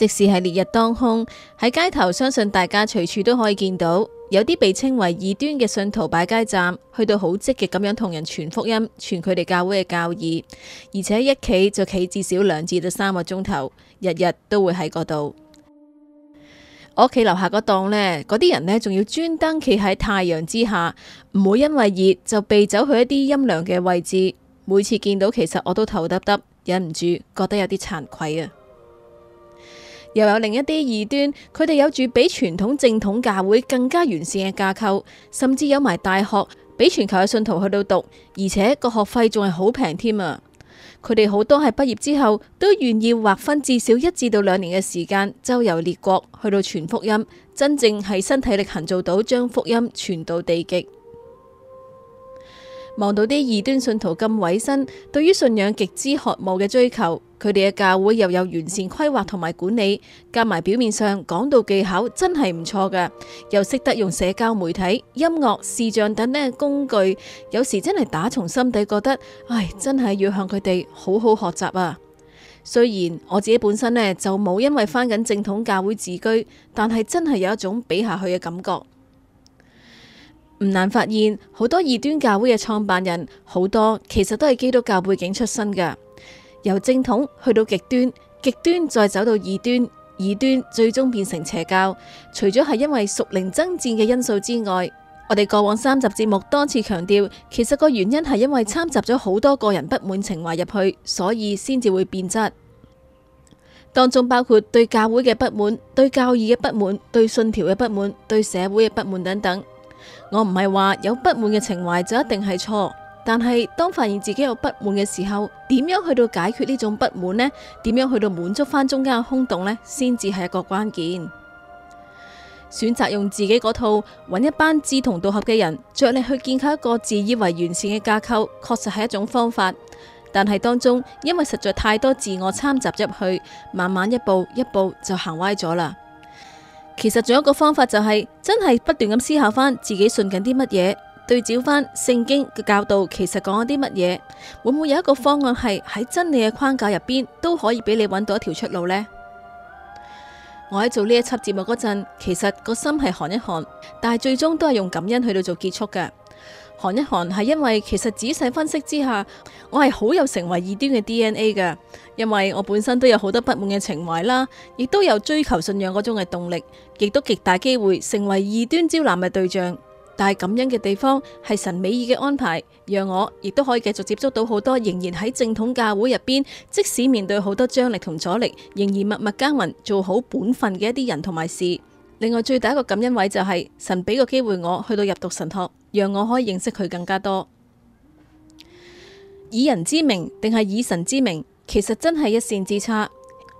即使係烈日當空喺街頭，相信大家隨處都可以見到有啲被稱為異端嘅信徒擺街站，去到好積極咁樣同人傳福音、傳佢哋教會嘅教義，而且一企就企至少兩至到三個鐘頭，日日都會喺嗰度。我屋企樓下嗰檔呢，嗰啲人呢仲要專登企喺太陽之下，唔會因為熱就避走去一啲陰涼嘅位置。每次見到，其實我都頭耷耷，忍唔住覺得有啲慚愧啊！又有另一啲異端，佢哋有住比傳統正統教會更加完善嘅架構，甚至有埋大學，俾全球嘅信徒去到讀，而且個學費仲係好平添啊！佢哋好多係畢業之後，都願意劃分至少一至到兩年嘅時間，周遊列國，去到傳福音，真正係身體力行做到將福音傳到地極。望到啲異端信徒咁委身，對於信仰極之渴慕嘅追求。佢哋嘅教會又有完善規劃同埋管理，加埋表面上講道技巧真係唔錯嘅，又識得用社交媒體、音樂、視像等等嘅工具，有時真係打從心底覺得，唉，真係要向佢哋好好學習啊！雖然我自己本身呢，就冇因為翻緊正統教會自居，但係真係有一種比下去嘅感覺。唔難發現，好多異端教會嘅創辦人好多其實都係基督教背景出身嘅。由正統去到極端，極端再走到異端，異端最終變成邪教。除咗係因為屬靈爭戰嘅因素之外，我哋過往三集節目多次強調，其實個原因係因為參雜咗好多個人不滿情懷入去，所以先至會變質。當中包括對教會嘅不滿、對教義嘅不滿、對信條嘅不滿、對社會嘅不滿等等。我唔係話有不滿嘅情懷就一定係錯。但係，當發現自己有不滿嘅時候，點樣去到解決呢種不滿呢？點樣去到滿足翻中間嘅空洞呢？先至係一個關鍵。選擇用自己嗰套，搵一班志同道合嘅人，着力去建構一個自以為完善嘅架構，確實係一種方法。但係當中，因為實在太多自我摻雜入去，慢慢一步一步就行歪咗啦。其實仲有一個方法就係，真係不斷咁思考翻自己信緊啲乜嘢。對照翻聖經嘅教導，其實講咗啲乜嘢？會唔會有一個方案係喺真理嘅框架入邊都可以俾你搵到一條出路呢？我喺做呢一輯節目嗰陣，其實個心係寒一寒，但係最終都係用感恩去到做結束嘅。寒一寒係因為其實仔細分析之下，我係好有成為異端嘅 DNA 嘅，因為我本身都有好多不滿嘅情懷啦，亦都有追求信仰嗰種嘅動力，亦都極大機會成為異端招攬嘅對象。但係感恩嘅地方係神美意嘅安排，讓我亦都可以繼續接觸到好多仍然喺正統教會入邊，即使面對好多張力同阻力，仍然默默耕耘做好本分嘅一啲人同埋事。另外最大一個感恩位就係神俾個機會我去到入讀神學，讓我可以認識佢更加多。以人之名定係以神之名，其實真係一線之差。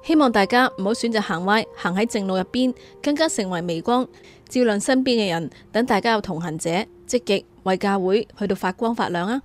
希望大家唔好選擇行歪，行喺正路入邊，更加成為微光，照亮身邊嘅人。等大家有同行者，積極為教會去到發光發亮啊！